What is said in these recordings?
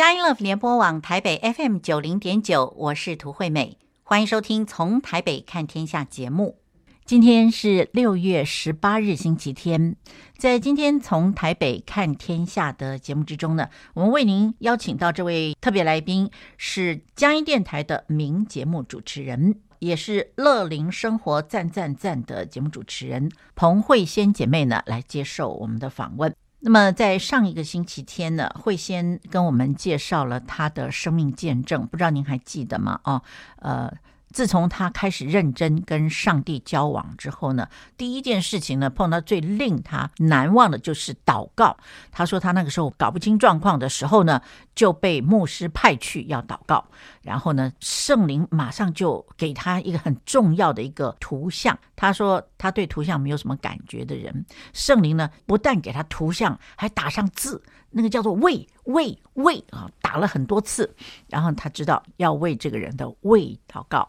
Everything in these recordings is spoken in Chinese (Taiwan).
佳音 Love 聯播網台北 FM 九零點九，我是涂惠美，歡迎收聽《從台北看天下》節目。今天是六月十八日，星期天。在今天《從台北看天下》的節目之中呢，我們為您邀請到這位特別來賓，是佳音電台的名節目主持人，也是樂齡生活讚讚讚的節目主持人彭蕙仙姐妹呢，來接受我們的訪問。那麼，在上一個星期天呢，蕙仙跟我們介紹了他的生命見證，不知道您還記得嗎？哦，呃，自從他開始認真跟上帝交往之後呢，第一件事情呢，碰到最令他難忘的就是禱告。他說他那個時候搞不清狀況的時候呢。就被牧師派去要禱告，然後呢，聖靈馬上就給他一個很重要的一個圖像。他說他對圖像沒有什麼感覺的人，聖靈呢不但給他圖像，還打上字，那個叫做喂“喂喂喂”啊，打了很多次。然後他知道要為這個人的胃禱告。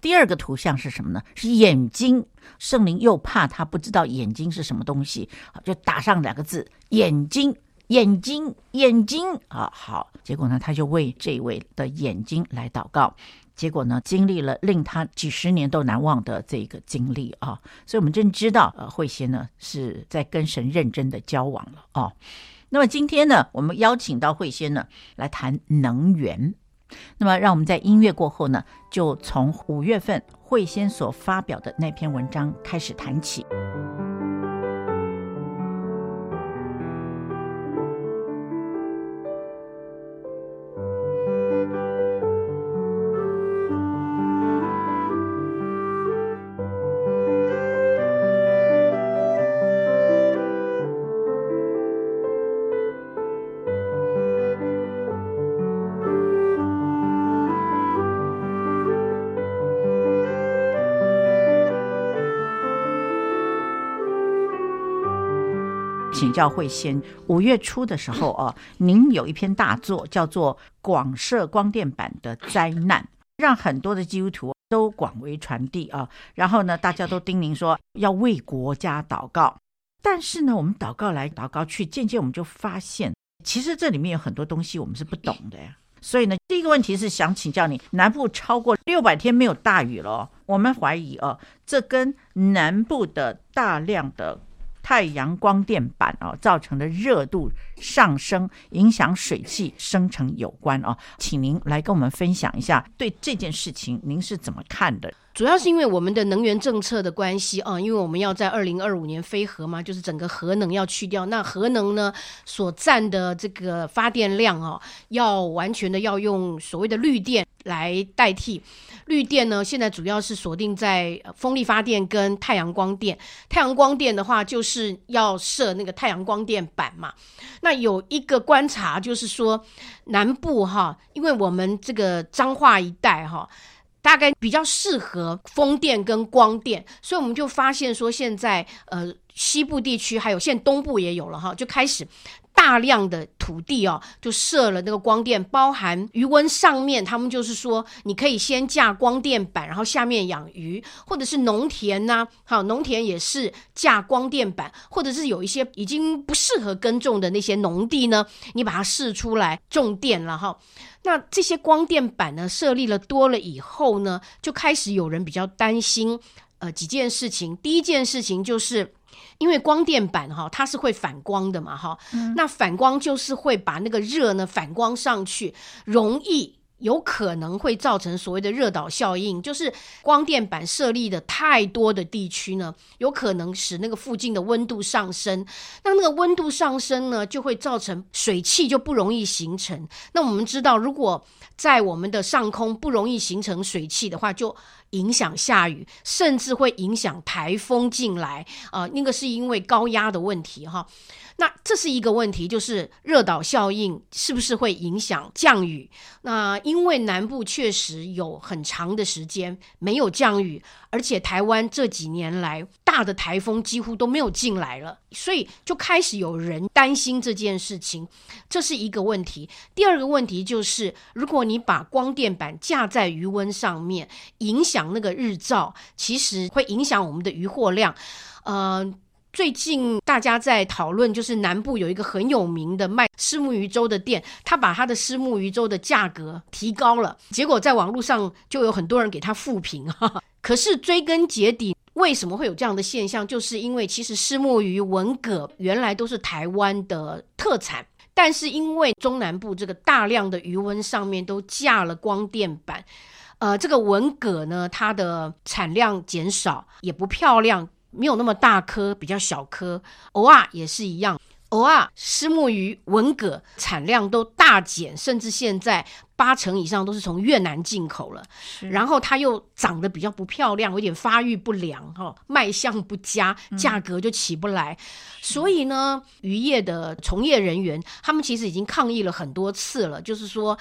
第二個圖像是什麼呢？是眼睛。聖靈又怕他不知道眼睛是什麼東西，就打上兩個字“眼睛”。眼睛，眼睛啊，好。結果呢，他就為這位的眼睛來禱告。結果呢，經歷了令他幾十年都難忘的這個經歷啊、哦。所以我們真知道，呃，蕙仙呢是在跟神認真的交往了哦。那麼今天呢，我們邀請到蕙仙呢來談能源。那麼讓我們在音樂過後呢，就從五月份蕙仙所發表的那篇文章開始談起。請教蕙仙，五月初的時候啊，您有一篇大作叫做《廣設光電板的災難》，讓很多的基督徒都廣為傳遞啊。然後呢，大家都叮嚀說要為國家禱告。但是呢，我們禱告來禱告去，漸漸我們就發現，其實這裡面有很多東西我們是不懂的呀。所以呢，第一個問題是想請教你，南部超過六百天沒有大雨了，我們懷疑啊，這跟南部的大量的。太陽光電板哦，造成的熱度上升，影響水汽生成有關哦，請您來跟我們分享一下，對這件事情您是怎麼看的？主要是因為我們的能源政策的關係啊，因為我們要在二零二五年非核嘛，就是整個核能要去掉，那核能呢所佔的這個發電量啊，要完全的要用所謂的綠電來代替。綠電呢，現在主要是鎖定在風力發電跟太陽光電。太陽光電的話，就是要設那個太陽光電板嘛。那有一個觀察就是說，南部哈，因為我們這個彰化一帶哈，大概比較適合風電跟光電，所以我們就發現說，現在呃，西部地區還有，現在東部也有了哈，就開始。大量的土地哦，就設了那個光電，包含魚塭上面，他們就是說，你可以先架光電板，然後下面養魚，或者是農田吶，好，農田也是架光電板，或者是有一些已經不適合耕種的那些農地呢，你把它釋出來種電了哈。那這些光電板呢，設立了多了以後呢，就開始有人比較擔心，呃，幾件事情。第一件事情就是。因為光電板哈、哦，它是會反光的嘛哈、嗯，那反光就是會把那個熱呢反光上去，容易。有可能會造成所謂的熱島效應，就是光電板設立的太多的地區呢，有可能使那個附近的溫度上升。那那個溫度上升呢，就會造成水汽就不容易形成。那我們知道，如果在我們的上空不容易形成水汽的話，就影響下雨，甚至會影響颱風進來啊，呃。那個是因為高壓的問題哈。那這是一個問題，就是熱島效應是不是會影響降雨？那因為南部確實有很長的時間沒有降雨，而且台灣這幾年來大的颱風幾乎都沒有進來了，所以就開始有人擔心這件事情，這是一個問題。第二個問題就是，如果你把光電板架在魚塭上面，影響那個日照，其實會影響我們的漁獲量，嗯、呃。最近大家在討論，就是南部有一個很有名的賣虱目魚粥的店，他把他的虱目魚粥的價格提高了，結果在網絡上就有很多人給他負評，哈、啊。可是追根結底，為什麼會有這樣的現象？就是因為其實虱目魚文蛤原來都是台灣的特產，但是因為中南部這個大量的魚塭，上面都架了光電板，呃，這個文蛤呢，它的產量減少，也不漂亮。沒有那麼大顆，比較小顆。偶爾、啊、也是一樣，偶爾虱目魚、文蛤產量都大減，甚至現在八成以上都是從越南進口了。然後它又長得比較不漂亮，有點發育不良，哈、哦，賣相不佳、嗯，價格就起不來。所以呢，漁業的從業人員他們其實已經抗議了很多次了，就是說。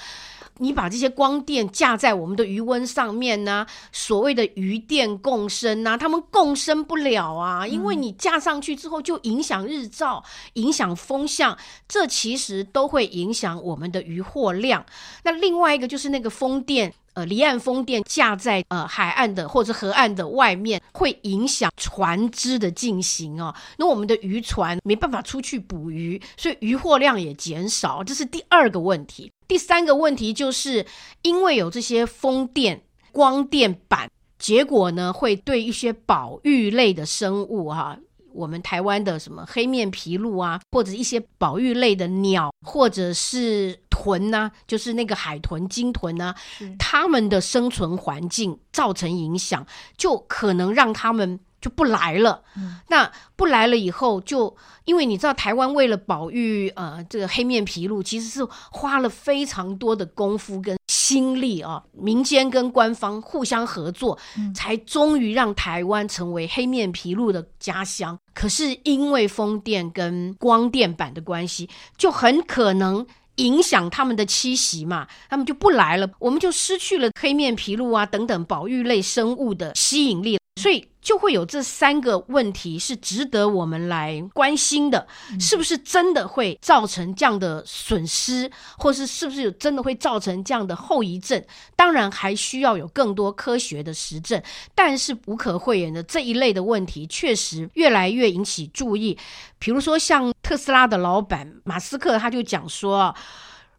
你把這些光電架在我們的魚塭上面呢、啊？所謂的漁電共生呢、啊？它們共生不了啊，因為你架上去之後就影響日照、影響風向，這其實都會影響我們的漁獲量。那另外一個就是那個風電，呃，離岸風電架在呃海岸的或者河岸的外面，會影響船隻的進行哦。那我們的漁船沒辦法出去捕魚，所以漁獲量也減少，這是第二個問題。第三個問題就是，因為有這些風電、光電板，結果呢會對一些保育類的生物哈、啊，我們台灣的什麼黑面琵鷺啊，或者一些保育類的鳥，或者是豚吶、啊，就是那個海豚、鯨豚呢、啊，它們的生存環境造成影響，就可能讓它們。就不來了、嗯。那不來了以後就，就因為你知道，台灣為了保育呃這個黑面琵鷺，其實是花了非常多的功夫跟心力啊，民間跟官方互相合作，嗯、才終於讓台灣成為黑面琵鷺的家鄉。可是因為風電跟光電板的關係，就很可能影響他們的棲息嘛，他們就不來了，我們就失去了黑面琵鷺啊等等保育類生物的吸引力了。所以就會有這三個問題是值得我們來關心的，是不是真的會造成這樣的損失，或是是不是真的會造成這樣的後遺症？當然還需要有更多科學的實證，但是無可諱言的這一類的問題確實越來越引起注意。比如說，像特斯拉的老闆馬斯克他就講說，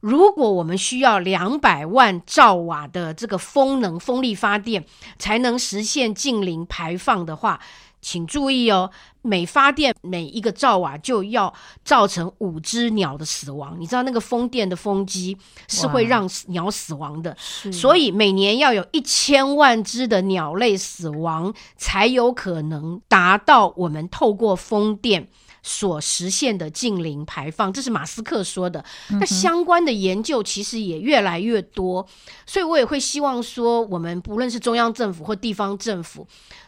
如果我們需要兩百萬兆瓦的這個風能風力發電，才能實現淨零排放的話，請注意哦，每發電每一個兆瓦就要造成五隻鳥的死亡。你知道那個風電的風機是會讓鳥死亡的，所以每年要有一千萬隻的鳥類死亡，才有可能達到我們透過風電所實現的淨零排放，這是馬斯克說的。那、嗯、相關的研究其實也越來越多，所以我也會希望說，我們不論是中央政府或地方政府，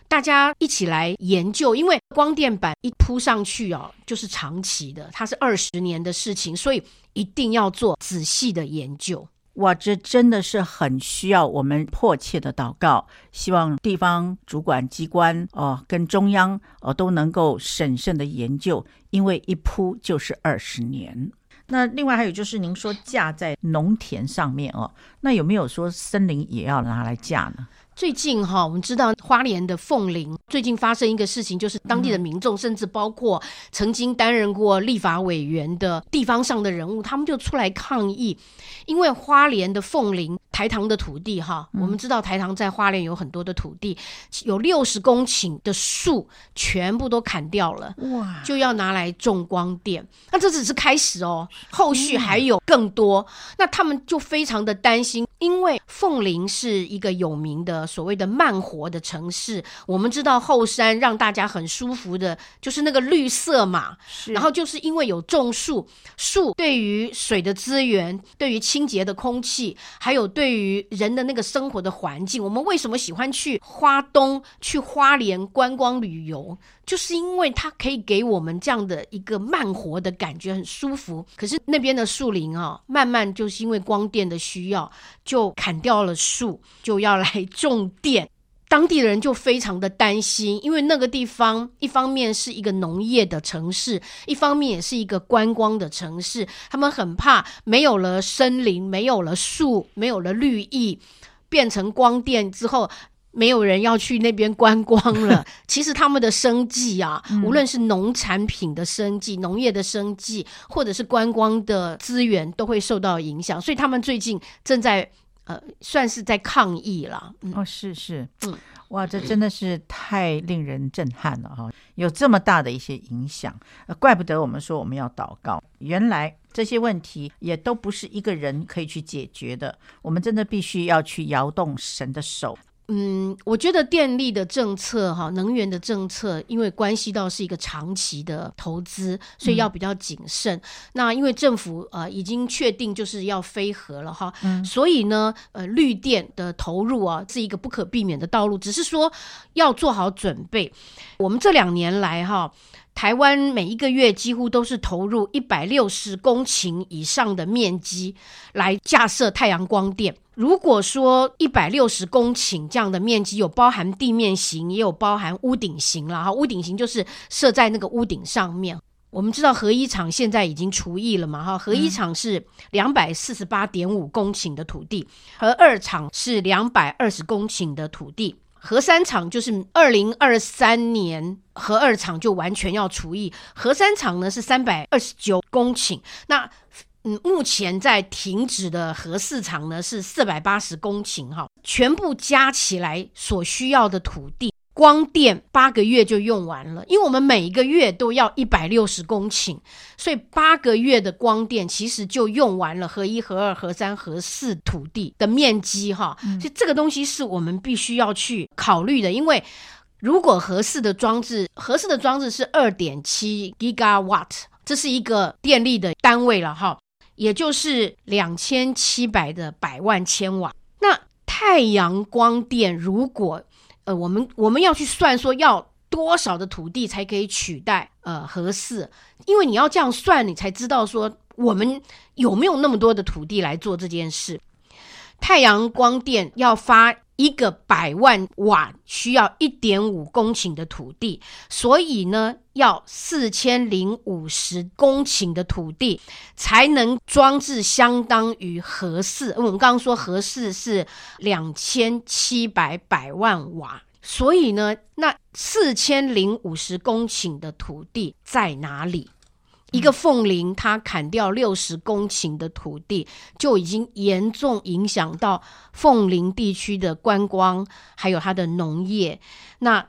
大家一起來研究，因為光電板一鋪上去啊、哦，就是長期的，它是二十年的事情，所以一定要做仔細的研究。哇，這真的是很需要我們迫切的禱告，希望地方主管機關哦，跟中央哦，都能夠審慎的研究，因為一鋪就是二十年。那另外還有就是您說架在農田上面哦，那有沒有說森林也要拿來架呢？最近哈，我們知道花蓮的鳳林最近發生一個事情，就是當地的民眾、嗯，甚至包括曾經擔任過立法委員的地方上的人物，他們就出來抗議，因為花蓮的鳳林台糖的土地哈、嗯，我們知道台糖在花蓮有很多的土地，有六十公頃的樹全部都砍掉了，哇，就要拿來種光電，那這只是開始哦，後續還有更多，嗯、那他們就非常的擔心。因為鳳林是一個有名的所謂的慢活的城市，我們知道後山讓大家很舒服的就是那個綠色嘛，然後就是因為有種樹，樹對於水的資源、對於清潔的空氣，還有對於人的那個生活的環境，我們為什麼喜歡去花東、去花蓮觀光旅遊，就是因為它可以給我們這樣的一個慢活的感覺，很舒服。可是那邊的樹林啊、哦，慢慢就是因為光電的需要，就砍掉了樹，就要來種電，當地的人就非常的擔心，因為那個地方一方面是一個農業的城市，一方面也是一個觀光的城市，他們很怕沒有了森林，沒有了樹，沒有了綠意，變成光電之後，沒有人要去那邊觀光了。 其實他們的生計啊，嗯、無論是農產品的生計、農業的生計，或者是觀光的資源，都會受到影響，所以他們最近正在。呃，算是在抗議了。嗯、哦，是是，嗯，哇，這真的是太令人震撼了啊、哦！有這麼大的一些影響，怪不得我們說我們要禱告。原來這些問題也都不是一個人可以去解決的，我們真的必須要去搖動神的手。嗯，我覺得電力的政策哈，能源的政策，因為關係到是一個長期的投資，所以要比較謹慎。嗯、那因為政府呃已經確定就是要非核了哈，所以呢呃綠電的投入啊是一個不可避免的道路，只是說要做好準備。我們這兩年來哈、哦。台灣每一個月幾乎都是投入一百六十公頃以上的面積來架設太陽光電。如果說一百六十公頃這樣的面積有包含地面型，也有包含屋頂型了哈。屋頂型就是設在那個屋頂上面。我們知道核一廠現在已經除役了嘛哈，核一廠是兩百四十八點五公頃的土地，核二廠是兩百二十公頃的土地。核三廠就是二零二三年，核二廠就完全要除役，核三廠呢是三百二十九公頃，那嗯目前在停止的核四廠呢是四百八十公頃，哈，全部加起來所需要的土地。光電八個月就用完了，因為我們每一個月都要一百六十公頃，所以八個月的光電其實就用完了核一、核二、核三、核四土地的面積哈、嗯，所以這個東西是我們必須要去考慮的，因為如果核四的裝置，核四的裝置是二點七吉瓦特，這是一個電力的單位了哈，也就是兩千七百的百萬千瓦。那太陽光電如果。呃，我們我們要去算說要多少的土地才可以取代呃核四，因為你要這樣算，你才知道說我們有沒有那麼多的土地來做這件事。太陽光電要發。一個百萬瓦需要一點五公頃的土地，所以呢，要四千零五十公頃的土地才能裝置相當於核四，我們剛剛說核四是兩千七百百萬瓦，所以呢，那四千零五十公頃的土地在哪裡？一個鳳林，它砍掉六十公頃的土地，就已經嚴重影響到鳳林地區的觀光，還有它的農業。那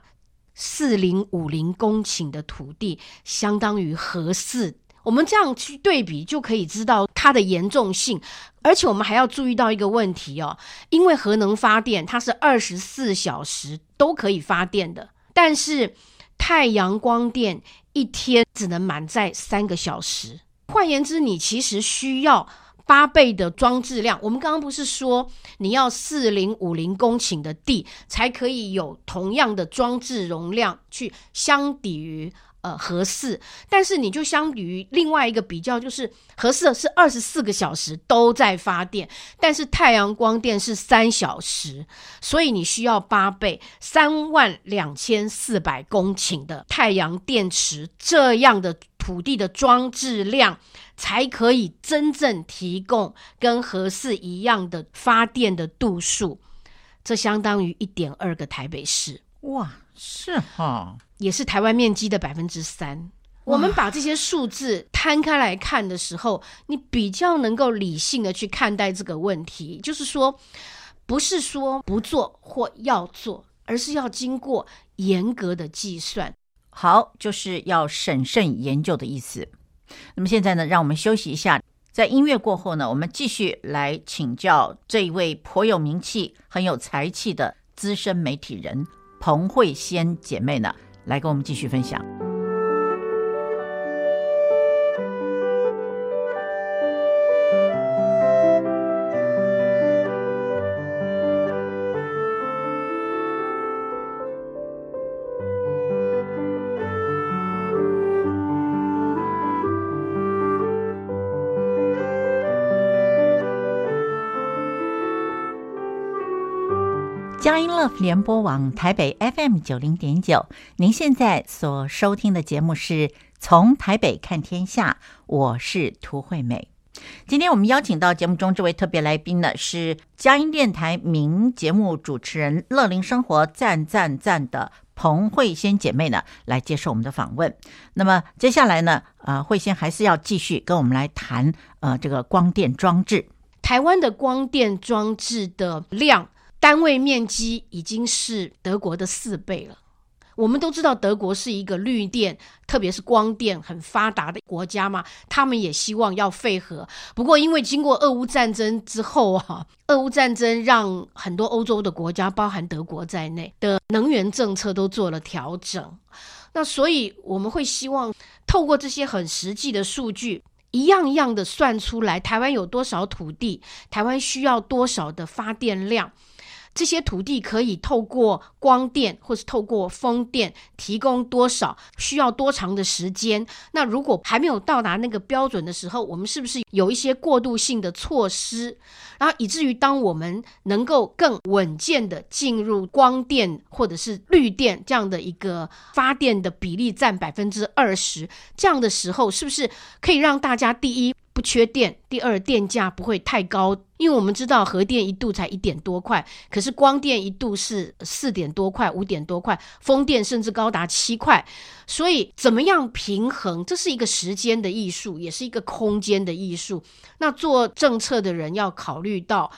四零五零公頃的土地，相當於核四。我們這樣去對比，就可以知道它的嚴重性。而且我們還要注意到一個問題哦，因為核能發電它是二十四小時都可以發電的，但是太陽光電，一天只能滿載三個小時，換言之，你其實需要八倍的裝置量。我們剛剛不是說，你要四、五十公頃的地，才可以有同樣的裝置容量，去相抵於。呃，核四。但是你就相比於另外一個比較，就是核四是二十四個小時都在發電，但是太陽光電是三小時，所以你需要八倍三萬兩千四百公頃的太陽電池這樣的土地的裝置量，才可以真正提供跟核四一樣的發電的度數，這相當於一點二個台北市，哇！是哈，也是台灣面積的百分之三。我們把這些數字攤開來看的時候，你比較能夠理性的去看待這個問題。就是說，不是說不做或要做，而是要經過嚴格的計算。好，就是要審慎研究的意思。那麼現在呢，讓我們休息一下，在音樂過後呢，我們繼續來請教這位頗有名氣、很有才氣的資深媒體人。彭蕙仙姐妹呢，來跟我們繼續分享。佳音 Love 聯播網台北 FM 九零點九，您現在所收聽的節目是從台北看天下，我是涂惠美。今天我們邀請到節目中這位特別來賓呢，是佳音電台名節目主持人樂齡生活讚讚讚的彭蕙仙姐妹呢，來接受我們的訪問。那麼接下來呢，呃，蕙仙還是要繼續跟我們來談呃這個光電裝置。台灣的光電裝置的量。單位面積已經是德國的四倍了。我們都知道德國是一個綠電，特別是光電很發達的國家嘛。他們也希望要廢核。不過，因為經過俄烏戰爭之後哈、啊，俄烏戰爭讓很多歐洲的國家，包含德國在內，的能源政策都做了調整。那所以我們會希望透過這些很實際的數據，一樣一樣的算出來，台灣有多少土地，台灣需要多少的發電量。這些土地可以透過光電或是透過風電提供多少？需要多長的時間？那如果還沒有到達那個標準的時候，我們是不是有一些過渡性的措施？然後以至於當我們能夠更穩健的進入光電或者是綠電這樣的一個發電的比例佔百分之二十這樣的時候，是不是可以讓大家第一不缺電，第二電價不會太高？因為我們知道，核電一度才一點多塊，可是光電一度是四點多塊、五點多塊，風電甚至高達七塊。所以，怎麼樣平衡？這是一個時間的藝術，也是一個空間的藝術。那做政策的人要考慮到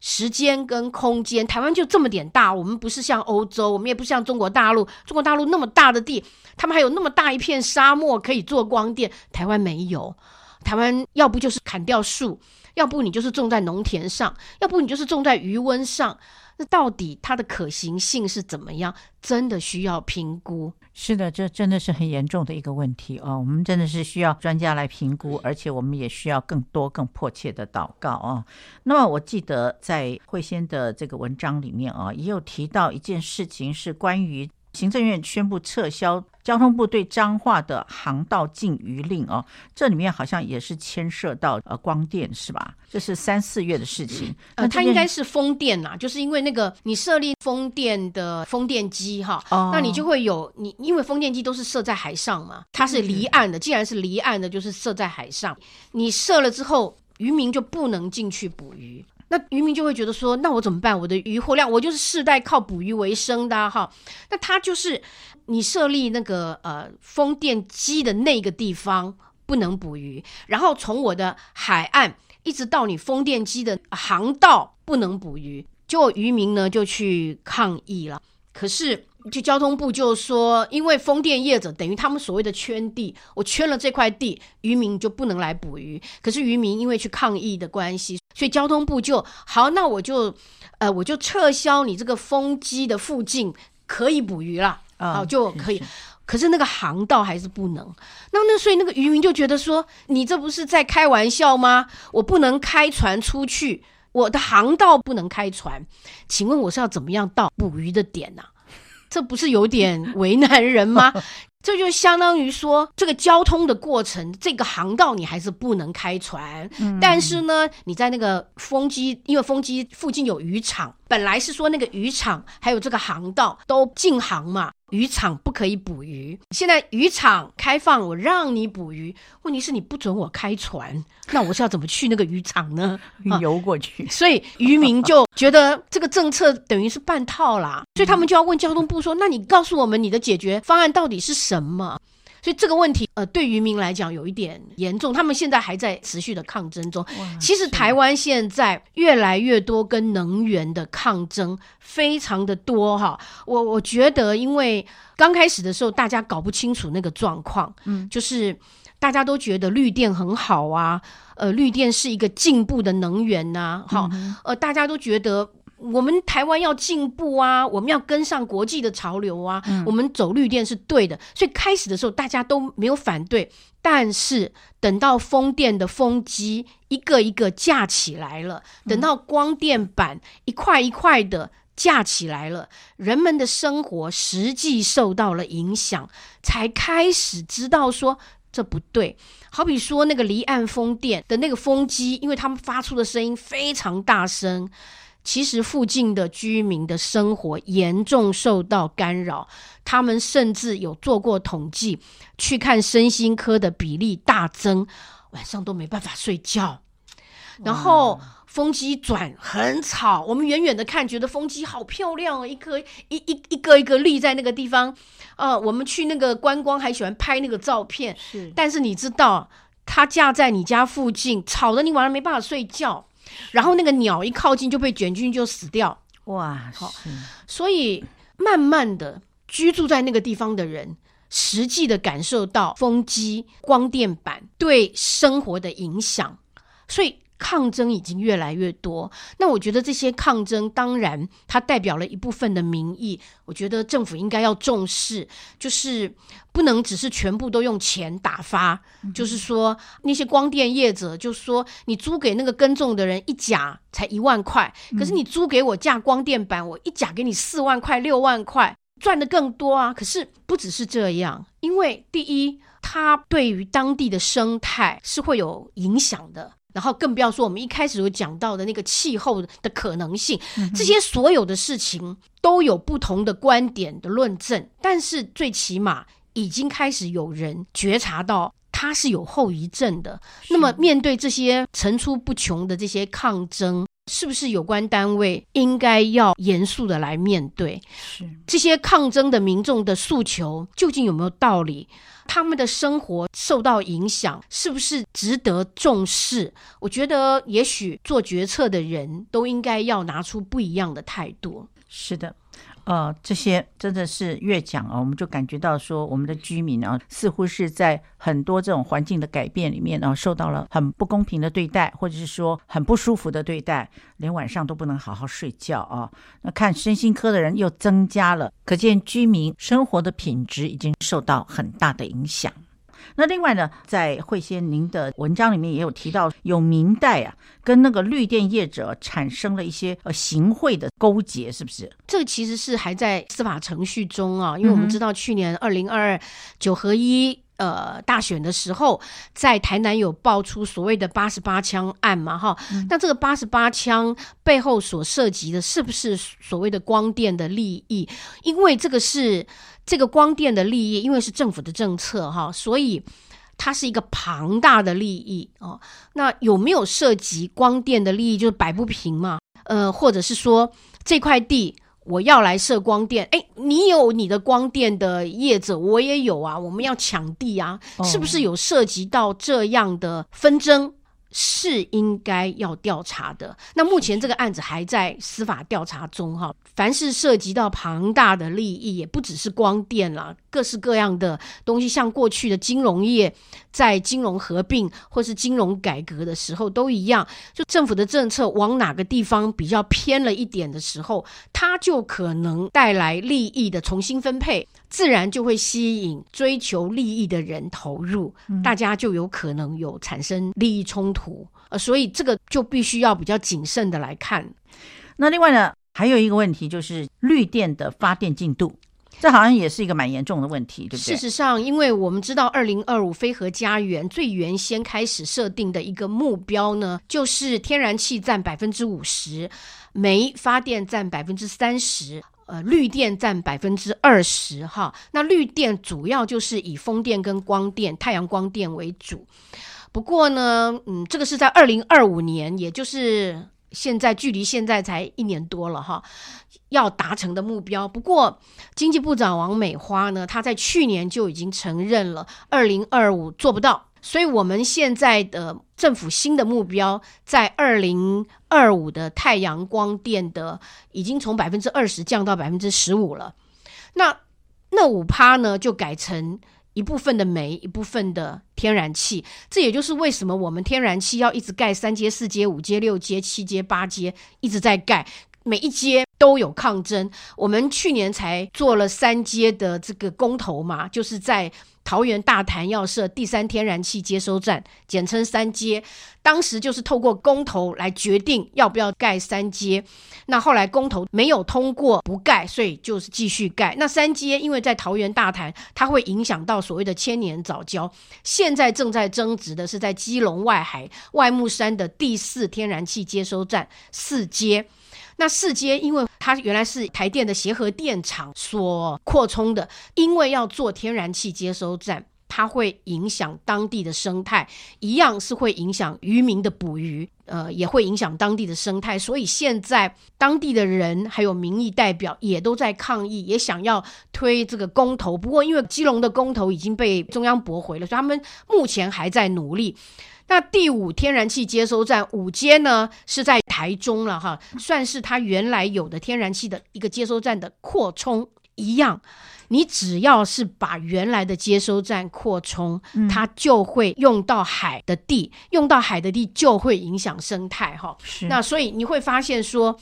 時間跟空間。台灣就這麼點大，我們不是像歐洲，我們也不像中國大陸，中國大陸那麼大的地，他們還有那麼大一片沙漠可以做光電，台灣沒有。台灣要不就是砍掉樹。要不你就是種在農田上，要不你就是種在魚塭上，那到底它的可行性是怎麼樣？真的需要評估。是的，這真的是很嚴重的一個問題哦。我們真的是需要專家來評估，而且我們也需要更多、更迫切的禱告哦。那麼我記得在蕙仙的這個文章裡面啊、哦，也有提到一件事情，是關於。行政院宣布撤銷交通部對彰化的航道禁漁令哦，這裡面好像也是牽涉到呃光電是吧？這是三四月的事情，呃，它應該是風電呐，就是因為那個你設立風電的風電機哈，哦，那你就會有你因為風電機都是設在海上嘛，它是離岸的，嗯，既然是離岸的，就是設在海上，你設了之後，漁民就不能進去捕魚。那漁民就會覺得說，那我怎麼辦？我的漁獲量，我就是世代靠捕魚為生的哈、啊。那他就是你設立那個呃風電機的那個地方不能捕魚，然後從我的海岸一直到你風電機的航道不能捕魚，就漁民呢就去抗議了。可是。就交通部就說，因為風電業者等於他們所謂的圈地，我圈了這塊地，漁民就不能來捕魚。可是漁民因為去抗議的關係，所以交通部就好，那我就，呃，我就撤銷你這個風機的附近可以捕魚了，好、嗯啊、就可以是是。可是那個航道還是不能。那那所以那個漁民就覺得說，你這不是在開玩笑嗎？我不能開船出去，我的航道不能開船，請問我是要怎麼樣到捕魚的點呢、啊？這不是有點為難人嗎？ 這就相當於說，這個交通的過程，這個航道你還是不能開船。嗯、但是呢，你在那個風機，因為風機附近有漁場。本來是說那個漁場還有這個航道都禁航嘛，漁場不可以捕魚。現在漁場開放，我讓你捕魚，問題是你不准我開船，那我是要怎麼去那個漁場呢？ 啊、游過去。 所以漁民就覺得這個政策等於是半套啦，所以他們就要問交通部說：“嗯、那你告訴我們你的解決方案到底是什麼？”所以這個問題，呃，對漁民來講有一點嚴重，他們現在還在持續的抗爭中。其實台灣現在越來越多跟能源的抗爭，非常的多哈、哦。我我覺得，因為剛開始的時候，大家搞不清楚那個狀況，嗯，就是大家都覺得綠電很好啊，呃，綠電是一個進步的能源吶、啊，好、哦嗯，呃，大家都覺得。我們台灣要進步啊，我們要跟上國際的潮流啊，嗯，我們走綠電是對的。所以開始的時候，大家都沒有反對，但是等到風電的風機一個一個架起來了，等到光電板一塊一塊的架起來了，嗯，人們的生活實際受到了影響，才開始知道說這不對。好比說那個離岸風電的那個風機，因為他們發出的聲音非常大聲。其實附近的居民的生活嚴重受到干擾，他們甚至有做過統計，去看身心科的比例大增，晚上都沒辦法睡覺。然後風機轉很吵，我們遠遠的看，覺得風機好漂亮哦，一顆一一一個一，一，一個立在那個地方。呃，我們去那個觀光還喜歡拍那個照片。是，但是你知道，它架在你家附近，吵得你晚上沒辦法睡覺。然後那個鳥一靠近就被捲進去就死掉，哇！好，哦，所以慢慢的居住在那個地方的人，實際的感受到風機、光電板對生活的影響，所以。抗爭已經越來越多，那我覺得這些抗爭當然它代表了一部分的民意，我覺得政府應該要重視，就是不能只是全部都用錢打發。嗯、就是說，那些光電業者，就說你租給那個耕種的人一甲才一萬塊，可是你租給我架光電板，我一甲給你四萬塊、六萬塊，賺得更多啊。可是不只是這樣，因為第一，它對於當地的生態是會有影響的。然後更不要說我們一開始有講到的那個氣候的可能性、嗯，這些所有的事情都有不同的觀點的論證。但是最起碼已經開始有人覺察到它是有後遺症的。那麼面對這些層出不窮的這些抗爭，是不是有關單位應該要嚴肅的來面對？是這些抗爭的民眾的訴求究竟有沒有道理？他們的生活受到影響，是不是值得重視？我覺得，也許做決策的人都應該要拿出不一樣的態度。是的。呃，這些真的是越講啊，我們就感覺到說，我們的居民啊，似乎是在很多這種環境的改變裡面啊，受到了很不公平的對待，或者是說很不舒服的對待，連晚上都不能好好睡覺啊。那看身心科的人又增加了，可見居民生活的品質已經受到很大的影響。那另外呢，在蕙仙您的文章裡面也有提到，有民代啊，跟那個綠電業者產生了一些呃行賄的勾結，是不是？這個其實是還在司法程序中啊，因為我們知道去年二零二二九合一、嗯、呃大選的時候，在台南有爆出所謂的八十八槍案嘛，哈，嗯、那這個八十八槍背後所涉及的是不是所謂的光電的利益？因為這個是。這個光電的利益，因為是政府的政策哈，所以它是一個龐大的利益哦，那有沒有涉及光電的利益，就是擺不平嘛？呃，或者是說這塊地我要來設光電，誒，你有你的光電的業者，我也有啊，我們要搶地啊，是不是有涉及到這樣的紛爭？哦是應該要調查的。那目前這個案子還在司法調查中哈。凡是涉及到龐大的利益，也不只是光電啦，各式各樣的東西，像過去的金融業，在金融合併或是金融改革的時候都一樣。就政府的政策往哪個地方比較偏了一點的時候，它就可能帶來利益的重新分配。自然就會吸引追求利益的人投入，嗯，大家就有可能有產生利益衝突，呃，所以這個就必須要比較謹慎的來看。那另外呢，還有一個問題就是綠電的發電進度，這好像也是一個蠻嚴重的問題，對不對？事實上，因為我們知道二零二五非核家園最原先開始設定的一個目標呢，就是天然氣占百分之五十，煤發電占百分之三十。呃，綠電占百分之二十。哈，那綠電主要就是以風電跟光電、太陽光電為主。不過呢，嗯，這個是在二零二五年，也就是現在距離現在才一年多了，哈，要達成的目標。不過，經濟部長王美花呢，她在去年就已經承認了二零二五做不到，所以我們現在的政府新的目標在二零。二五的太陽光電的已經從百分之二十降到百分之十五了，那那五趴呢就改成一部分的煤，一部分的天然氣。這也就是為什麼我們天然氣要一直蓋三接、四接、五接、六接、七接、八接，一直在蓋。每一接都有抗爭。我們去年才做了三接的這個公投嘛，就是在桃園大潭要設第三天然氣接收站，簡稱三接。當時就是透過公投來決定要不要蓋三接。那後來公投沒有通過，不蓋，所以就是繼續蓋。那三接因為在桃園大潭它會影響到所謂的千年藻礁。現在正在爭執的是在基隆外海外木山的第四天然氣接收站，四接。那四接，因為它原來是台電的協和電廠所擴充的，因為要做天然氣接收站，它會影響當地的生態，一樣是會影響漁民的捕魚，呃，也會影響當地的生態，所以現在當地的人還有民意代表也都在抗議，也想要推這個公投，不過因為基隆的公投已經被中央駁回了，所以他們目前還在努力。那第五天然氣接收站五階呢，是在台中了哈，算是它原來有的天然氣的一個接收站的擴充一樣，你只要是把原來的接收站擴充，嗯，它就會用到海的地，用到海的地就會影響生態哈。是。那所以你會發現說，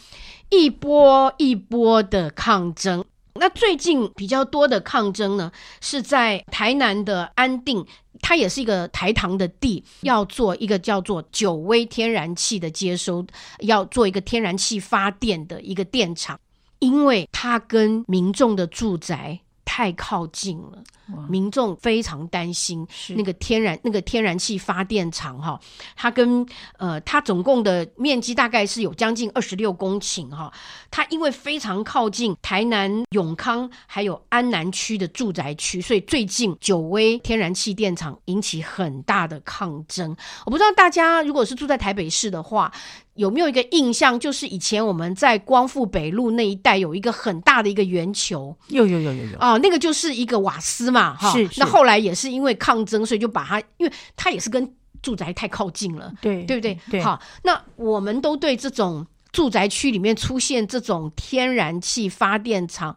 一波一波的抗爭。那最近比較多的抗爭呢，是在台南的安定。它也是一個台糖的地，要做一個叫做九崴天然氣的接收，要做一個天然氣發電的一個電廠，因為它跟民眾的住宅太靠近了。民眾非常擔心那個天然那個天然氣發電廠哈，它跟呃，它總共的面積大概是有將近二十六公頃哈，它因為非常靠近台南永康，還有安南區的住宅區，所以最近九崴天然氣電廠引起很大的抗爭。我不知道大家如果是住在台北市的話，有沒有一個印象，就是以前我們在光復北路那一帶有一個很大的一個圓球，有有有有有哦，那個就是一個瓦斯。嘛哈，哦，那後來也是因為抗爭，所以就把它。因為它也是跟住宅太靠近了，對對不對？對，好，那我們都對這種住宅區裡面出現這種天然氣發電廠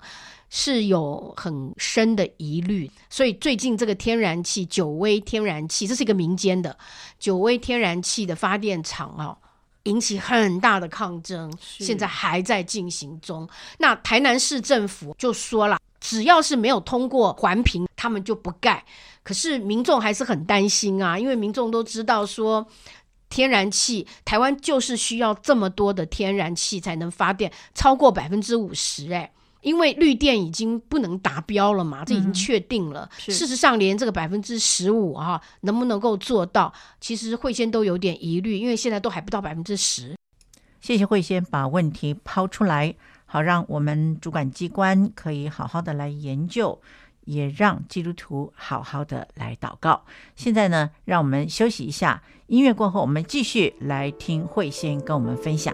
是有很深的疑慮，所以最近這個天然氣九崴天然氣，這是一個民間的九崴天然氣的發電廠哦，引起很大的抗爭，現在還在進行中。那台南市政府就說了，只要是沒有通過環評。他們就不蓋，可是民眾還是很擔心啊，因為民眾都知道說，天然氣台灣就是需要這麼多的天然氣才能發電，超過百分之五十誒。因為綠電已經不能達標了嘛，這已經確定了。嗯、事實上，連這個百分之十五啊，能不能夠做到，其實蕙仙都有點疑慮，因為現在都還不到百分之十。謝謝蕙仙把問題拋出來，好讓我們主管機關可以好好的來研究。也讓基督徒好好的來禱告。現在呢，讓我們休息一下，音樂過後，我們繼續來聽蕙仙跟我們分享。.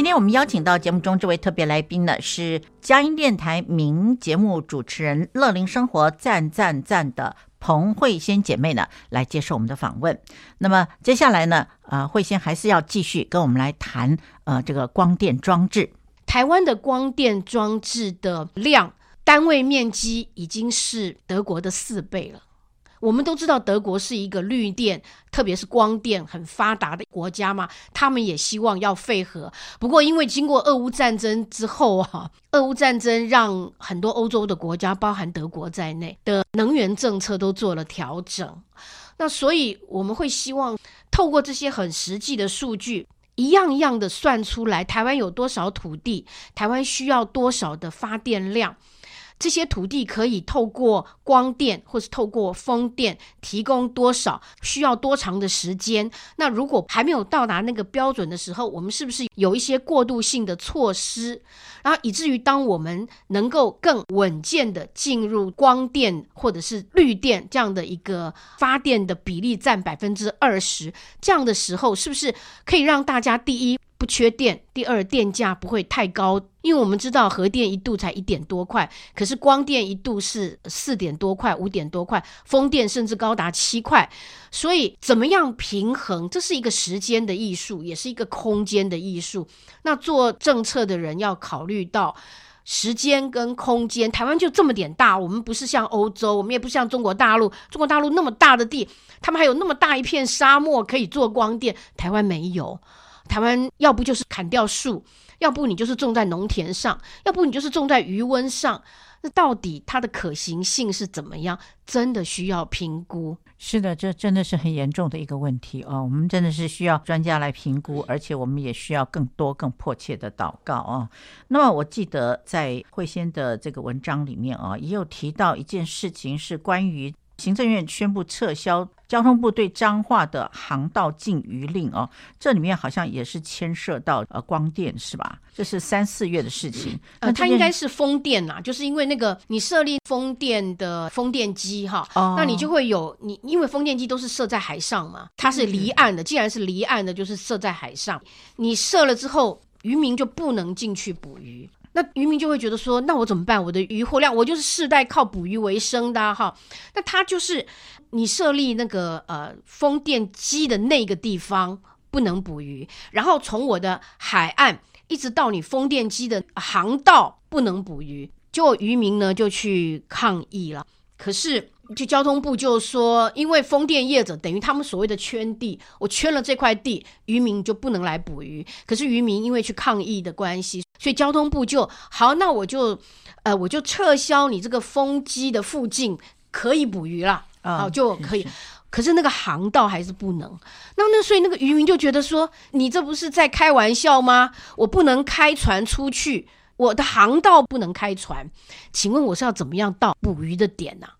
今天我們邀請到節目中這位特別來賓呢，是佳音電台名節目主持人樂齡生活讚讚讚的彭蕙仙姐妹呢，來接受我們的訪問。那麼接下來呢，啊、呃，蕙仙還是要繼續跟我們來談，呃，這個光電裝置，台灣的光電裝置的量，單位面積已經是德國的四倍了。我們都知道德國是一個綠電，特別是光電很發達的國家嘛，他們也希望要廢核。不過，因為經過俄烏戰爭之後啊，俄烏戰爭讓很多歐洲的國家，包含德國在內的能源政策都做了調整。那所以我們會希望透過這些很實際的數據，一樣一樣的算出來，台灣有多少土地，台灣需要多少的發電量。這些土地可以透過光電或是透過風電提供多少？需要多長的時間？那如果還沒有到達那個標準的時候，我們是不是有一些過渡性的措施？然後以至於當我們能夠更穩健的進入光電或者是綠電這樣的一個發電的比例佔百分之二十這樣的時候，是不是可以讓大家第一？不缺電，第二，電價不會太高，因為我們知道核電一度才一點多塊，可是光電一度是四點多塊、五點多塊，風電甚至高達七塊，所以怎麼樣平衡？這是一個時間的藝術，也是一個空間的藝術。那做政策的人要考慮到時間跟空間。台灣就這麼點大，我們不是像歐洲，我們也不像中國大陸，中國大陸那麼大的地，他們還有那麼大一片沙漠可以做光電，台灣沒有。台灣要不就是砍掉樹，要不你就是種在農田上，要不你就是種在魚塭上。那到底它的可行性是怎麼樣？真的需要評估。是的，這真的是很嚴重的一個問題哦。我們真的是需要專家來評估，而且我們也需要更多、更迫切的禱告啊、哦。那麼我記得在蕙仙的這個文章裡面啊、哦，也有提到一件事情，是關於行政院宣布撤銷交通部對彰化的航道禁漁令哦，這裡面好像也是牽涉到呃光電是吧？這是三四月的事情，呃、嗯，它應該是風電吶，就是因為那個你設立風電的風電機哈，哦、那你就會有你因為風電機都是設在海上嘛，它是離岸的、嗯，既然是離岸的，就是設在海上，你設了之後，漁民就不能進去捕魚。那漁民就會覺得說，那我怎麼辦？我的漁獲量，我就是世代靠捕魚為生的哈、啊。那他就是你設立那個呃風電機的那個地方不能捕魚，然後從我的海岸一直到你風電機的航道不能捕魚，就漁民呢就去抗議了。可是。就交通部就說，因為風電業者等於他們所謂的圈地，我圈了這塊地，漁民就不能來捕魚。可是漁民因為去抗議的關係，所以交通部就，好，那我就，呃，我就撤銷你這個風機的附近可以捕魚了、嗯，好就可以是是。可是那個航道還是不能。那那所以那個漁民就覺得說，你這不是在開玩笑嗎？我不能開船出去，我的航道不能開船，請問我是要怎麼樣到捕魚的點呢、啊？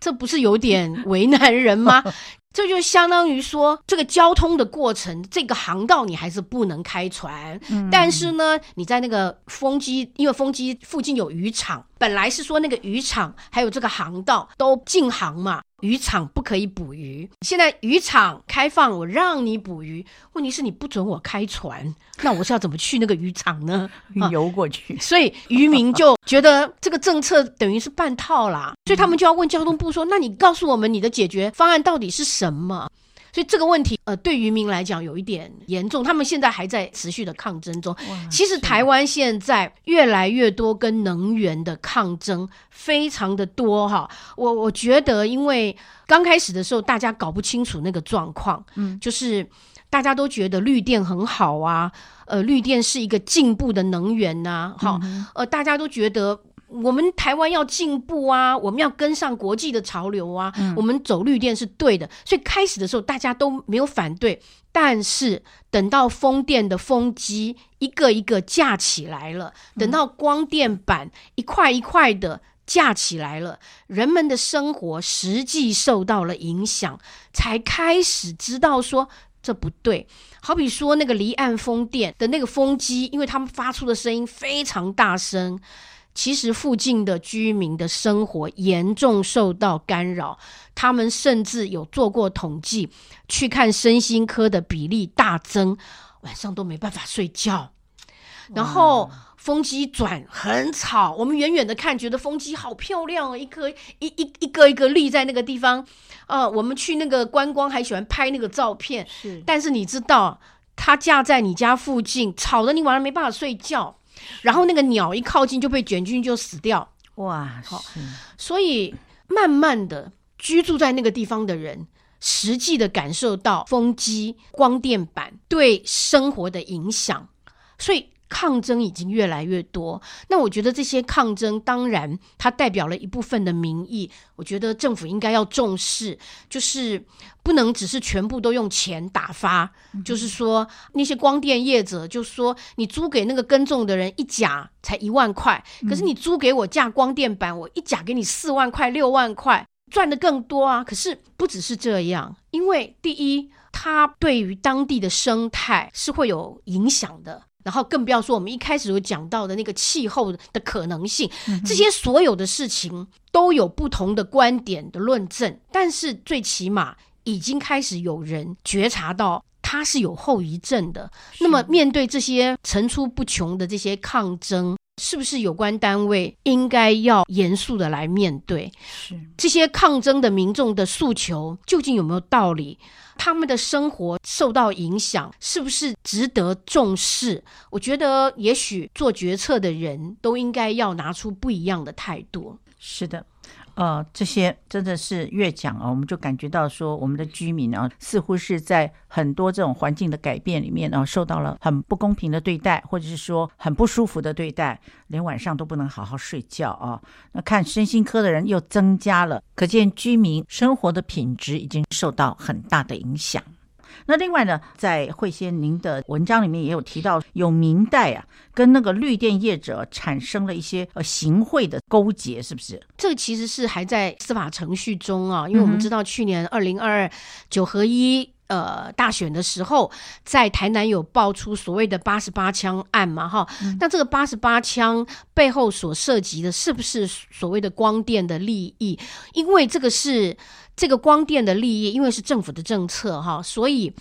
這不是有點為難人嗎？ 這就相當於說，這個交通的過程，這個航道你還是不能開船。嗯、但是呢，你在那個風機，因為風機附近有漁場，本來是說那個漁場還有這個航道都禁航嘛。漁場不可以捕魚，現在漁場開放，我讓你捕魚，問題是你不准我開船，那我是要怎麼去那個漁場呢、 啊？游過去。 所以漁民就覺得這個政策等於是半套啦，所以他們就要問交通部說：“嗯、那你告訴我們你的解決方案到底是什麼？”所以這個問題，呃，對漁民來講有一點嚴重，他們現在還在持續的抗爭中。其實台灣現在越來越多跟能源的抗爭，非常的多哈、哦。我我覺得，因為剛開始的時候，大家搞不清楚那個狀況，嗯，就是大家都覺得綠電很好啊，呃，綠電是一個進步的能源吶、啊，好、哦嗯，呃，大家都覺得。我們台灣要進步啊，我們要跟上國際的潮流啊，嗯、我們走綠電是對的。所以開始的時候大家都沒有反對，但是等到風電的風機一個一個架起來了，等到光電板一塊一塊的架起來了、嗯，人們的生活實際受到了影響，才開始知道說這不對。好比說那個離岸風電的那個風機，因為他們發出的聲音非常大聲。其實附近的居民的生活嚴重受到干擾，他們甚至有做過統計，去看身心科的比例大增，晚上都沒辦法睡覺。然後風機轉很吵，我們遠遠的看覺得風機好漂亮哦，一顆一一一，一，一個一個立在那個地方。呃，我們去那個觀光還喜歡拍那個照片，是但是你知道，它架在你家附近，吵得你晚上沒辦法睡覺。然後那個鳥一靠近就被捲進去，就死掉，哇！好，所以慢慢的居住在那個地方的人，實際的感受到風機、光電板對生活的影響，所以。抗爭已經越來越多，那我覺得這些抗爭當然它代表了一部分的民意，我覺得政府應該要重視，就是不能只是全部都用錢打發。嗯、就是說，那些光電業者，就說你租給那個耕種的人一甲才一萬塊，可是你租給我架光電板，我一甲給你四萬塊、六萬塊，賺得更多啊。可是不只是這樣，因為第一，它對於當地的生態是會有影響的。然後更不要說我們一開始有講到的那個氣候的可能性，嗯，這些所有的事情都有不同的觀點的論證。但是最起碼已經開始有人覺察到它是有後遺症的。那麼面對這些層出不窮的這些抗爭，是不是有關單位應該要嚴肅的來面對？是這些抗爭的民眾的訴求究竟有沒有道理？他們的生活受到影響，是不是值得重視？我覺得，也許做決策的人都應該要拿出不一樣的態度。是的。呃，這些真的是越講啊，我們就感覺到說，我們的居民啊，似乎是在很多這種環境的改變裡面啊，受到了很不公平的對待，或者是說很不舒服的對待，連晚上都不能好好睡覺啊。那看身心科的人又增加了，可見居民生活的品質已經受到很大的影響。那另外呢，在蕙仙您的文章裡面也有提到，有民代啊，跟那個綠電業者產生了一些呃行賄的勾結，是不是？這個其實是還在司法程序中啊，因為我們知道去年二零二二九合一、嗯。呃，大選的時候，在台南有爆出所謂的八十八槍案嘛？哈、嗯，那這個八十八槍背後所涉及的是不是所謂的光電的利益？因為這個是這個光電的利益，因為是政府的政策哈，所以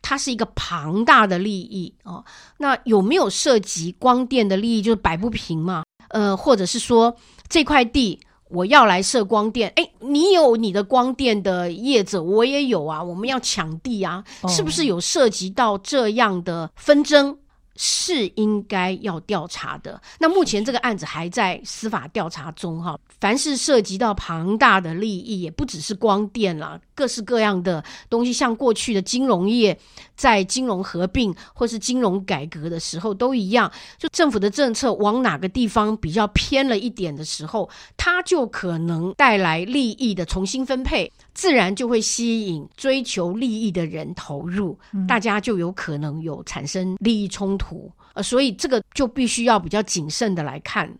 它是一個龐大的利益哦。那有沒有涉及光電的利益，就是擺不平嘛？呃，或者是說這塊地？我要來設光電，哎、欸,你有你的光電的業者，我也有啊，我們要搶地啊，oh. 是不是有涉及到這樣的紛爭？是應該要調查的。那目前這個案子還在司法調查中哈、啊。凡是涉及到龐大的利益，也不只是光電啦，各式各樣的東西，像過去的金融業，在金融合併或是金融改革的時候都一樣。就政府的政策往哪個地方比較偏了一點的時候，它就可能帶來利益的重新分配。自然就會吸引追求利益的人投入，嗯，大家就有可能有產生利益衝突，呃，所以這個就必須要比較謹慎的來看。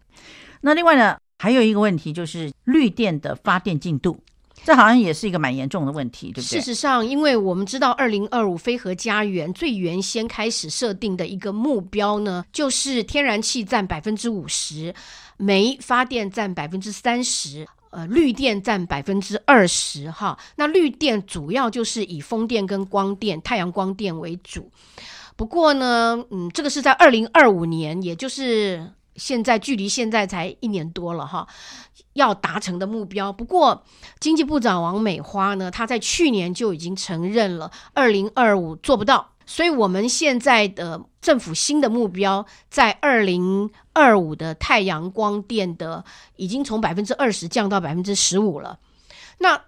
那另外呢，還有一個問題就是綠電的發電進度，這好像也是一個蠻嚴重的問題，對不對？事實上，因為我們知道，二零二五非核家園最原先開始設定的一個目標呢，就是天然氣佔百分之五十，煤發電佔百分之三十。呃，綠電占百分之二十，哈，那綠電主要就是以風電跟光電、太陽光電為主。不過呢，嗯，這個是在二零二五年，也就是現在距離現在才一年多了，哈，要達成的目標。不過，經濟部長王美花呢，她在去年就已經承認了，二零二五做不到。所以我們現在的政府新的目標，在二零二五的太陽光電的，已經從百分之二十降到百分之十五了。那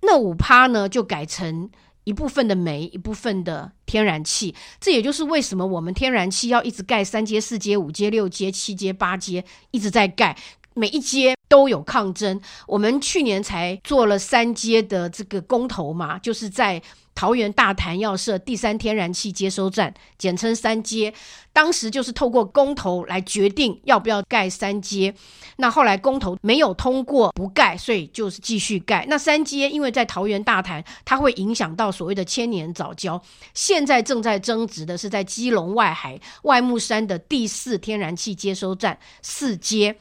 那五趴呢，就改成一部分的煤，一部分的天然氣。這也就是為什麼我們天然氣要一直蓋三接、四接、五接、六接、七接、八接，一直在蓋，每一接都有抗爭。我們去年才做了三接的這個公投嘛，就是在。桃園大潭要設第三天然氣接收站，簡稱三接。當時就是透過公投來決定要不要蓋三接。那後來公投沒有通過，不蓋，所以就是繼續蓋。那三接因為在桃園大潭，它會影響到所謂的千年藻礁。現在正在爭執的是在基隆外海，外木山的第四天然氣接收站，四接。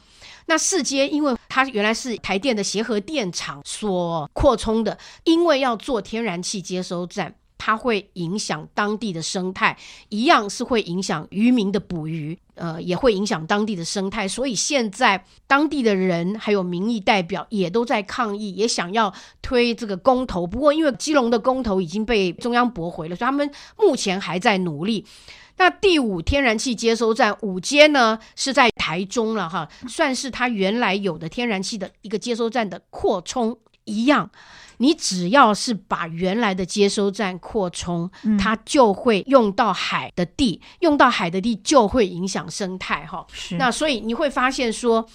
那四接，因為它原來是台電的協和電廠所擴充的，因為要做天然氣接收站，它會影響當地的生態，一樣是會影響漁民的捕魚，呃，也會影響當地的生態，所以現在當地的人還有民意代表也都在抗議，也想要推這個公投。不過，因為基隆的公投已經被中央駁回了，所以他們目前還在努力。那第五天然氣接收站五階呢，是在台中了哈，算是它原來有的天然氣的一個接收站的擴充一樣。你只要是把原來的接收站擴充，嗯，它就會用到海的地，用到海的地就會影響生態哈。是。那所以你會發現說，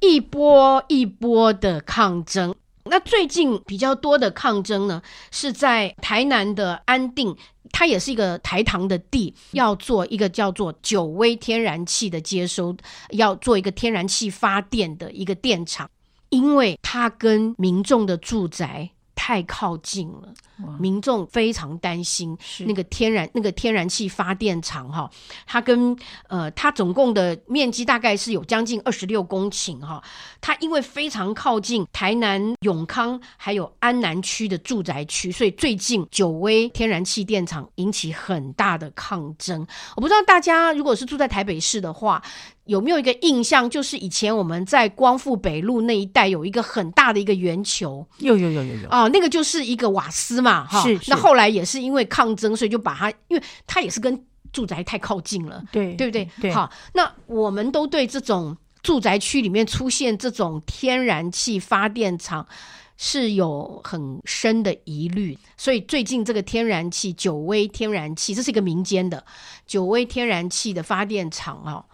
一波一波的抗爭。那最近比較多的抗爭呢，是在台南的安定。它也是一個台糖的地，要做一個叫做九威天然氣的接收，要做一個天然氣發電的一個電廠，因為它跟民眾的住宅，太靠近了，民眾非常擔心那個天然那個天然氣發電廠哈，它跟呃，它總共的面積大概是有將近二十六公頃哈，它因為非常靠近台南永康還有安南區的住宅區，所以最近九威天然氣電廠引起很大的抗爭。我不知道大家如果是住在台北市的話。有沒有一個印象，就是以前我們在光復北路那一帶有一個很大的一個圓球？有有有有有哦、呃，那個就是一個瓦斯嘛，哈。是，是。那後來也是因為抗爭，所以就把它，因為它也是跟住宅太靠近了，對，對不對？對，好，那我們都對這種住宅區裡面出現這種天然氣發電廠是有很深的疑慮，所以最近這個天然氣九威天然氣，這是一個民間的九威天然氣的發電廠啊。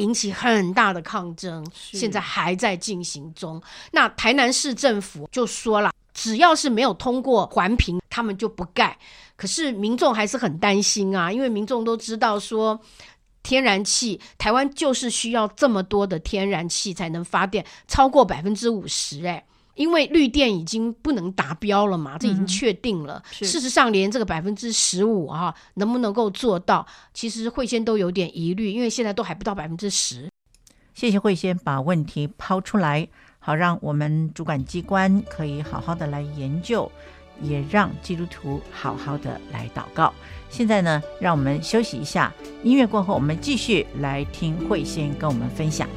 引起很大的抗爭，現在還在進行中。那台南市政府就說了，只要是沒有通過環評，他們就不蓋。可是民眾還是很擔心啊，因為民眾都知道說，天然氣台灣就是需要這麼多的天然氣才能發電，超過百分之五十哎。因為綠電已經不能達標了嘛，這已經確定了。嗯、事實上，連這個百分之十五啊，能不能夠做到，其實蕙仙都有點疑慮，因為現在都還不到百分之十。謝謝蕙仙把問題拋出來，好讓我們主管機關可以好好的來研究，也讓基督徒好好的來禱告。現在呢，讓我們休息一下，音樂過後我們繼續來聽蕙仙跟我們分享。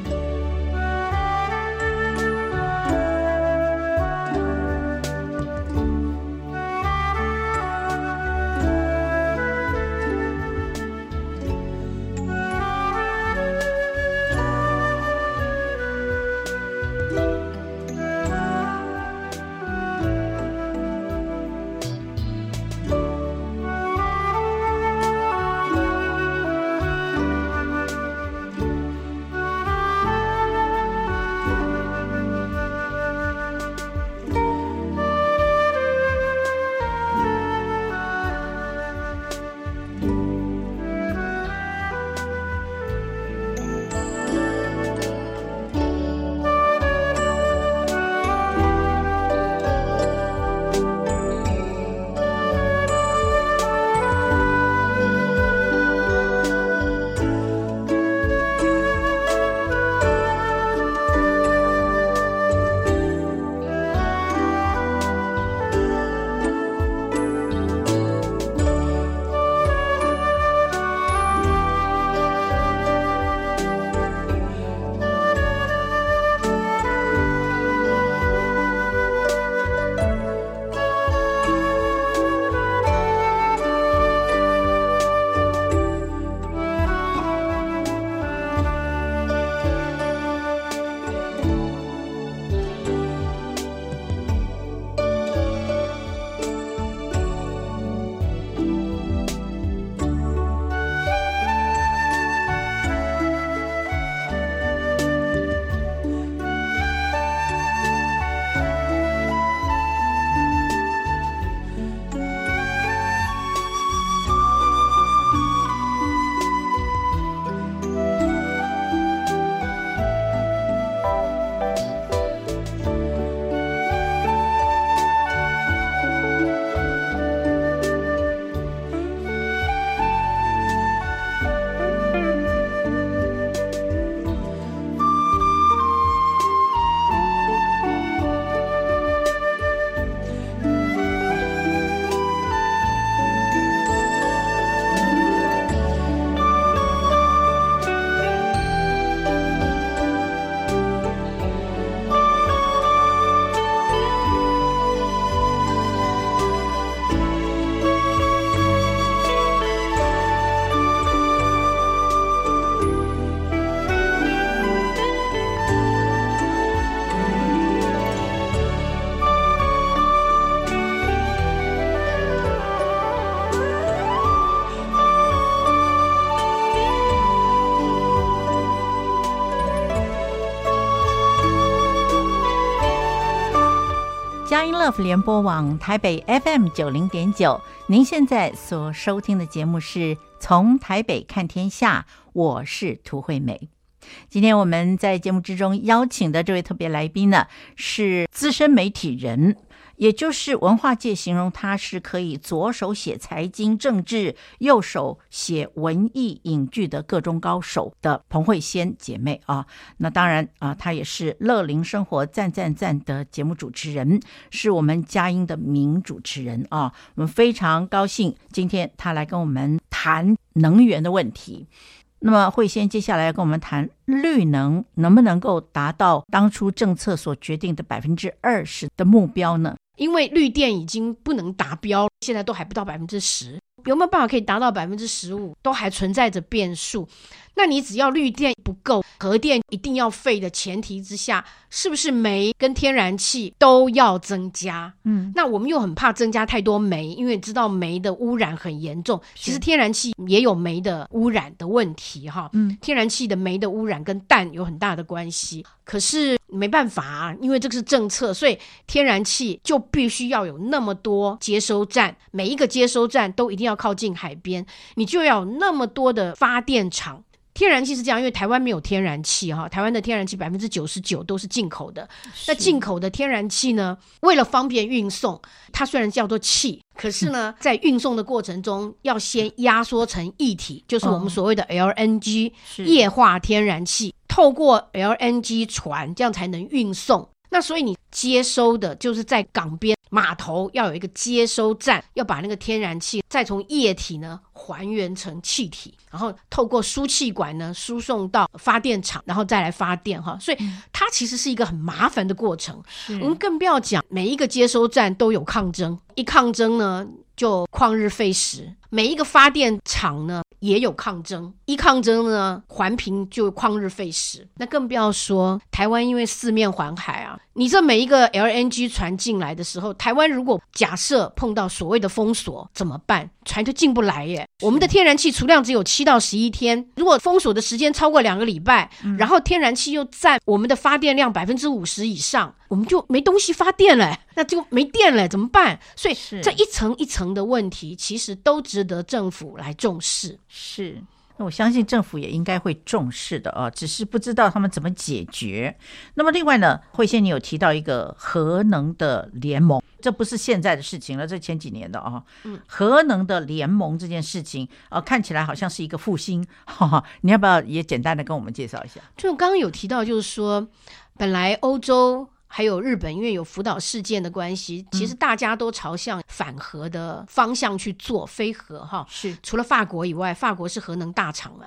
聯播網台北 FM 九零點九，您現在所收聽的節目是從台北看天下，我是涂惠美。今天我們在節目之中邀請的這位特別來賓呢，是資深媒體人。也就是文化界形容他是可以左手寫財經政治，右手寫文藝影劇的個中高手的彭蕙仙姐妹啊。那當然啊，她也是樂齡生活讚讚讚的節目主持人，是我們佳音的名主持人啊。我們非常高興今天她來跟我們談能源的問題。那麼蕙仙接下來要跟我們談綠能能不能夠達到當初政策所決定的百分之二十的目標呢？因為綠電已經不能達標了，現在都還不到百分之十，有沒有辦法可以達到百分之十五？都還存在着變數。那你只要綠電不夠，核電一定要廢的前提之下，是不是煤跟天然氣都要增加？嗯，那我們又很怕增加太多煤，因為知道煤的污染很嚴重。其實天然氣也有煤的污染的問題哈。嗯，天然氣的煤的污染跟氮有很大的關係。可是沒辦法啊，因為這個是政策，所以天然氣就必須要有那麼多接收站，每一個接收站都一定要靠近海邊，你就要有那麼多的發電廠。天然氣是這樣，因為台灣沒有天然氣哈，台灣的天然氣百分之九十九都是進口的。那進口的天然氣呢？為了方便運送，它雖然叫做氣，可是呢，是在運送的過程中要先壓縮成液體，就是我們所謂的 LNG、哦、液化天然氣，透過 LNG 船，這樣才能運送。那所以你接收的就是在港邊碼頭要有一個接收站，要把那個天然氣再從液體呢，還原成氣體，然後透過輸氣管呢，輸送到發電廠，然後再來發電哈。所以它其實是一個很麻煩的過程，我們更不要講每一個接收站都有抗爭，一抗爭呢，就曠日費時。每一個發電廠呢也有抗爭，一抗爭呢，環評就曠日費時。那更不要說台灣，因為四面環海啊，你這每一個 LNG 船進來的時候，台灣如果假設碰到所謂的封鎖怎麼辦？船就進不來耶。我們的天然氣儲量只有七到十一天，如果封鎖的時間超過兩個禮拜，嗯、然後天然氣又占我們的發電量百分之五十以上，我們就沒東西發電了，那就沒電了，怎麼辦？所以這一層一層的問題，其實都值。值得政府來重視，是那我相信政府也應該會重視的啊。只是不知道他們怎麼解決。那麼另外呢，蕙仙你有提到一個核能的聯盟，這不是現在的事情了，這前幾年的啊。核能的聯盟這件事情啊、嗯呃，看起來好像是一個復興呵呵，你要不要也簡單的跟我們介紹一下？就剛剛有提到，就是說本來歐洲。還有日本，因為有福島事件的關係，其實大家都朝向反核的方向去做，嗯、非核哈。是除了法國以外，法國是核能大廠嘛。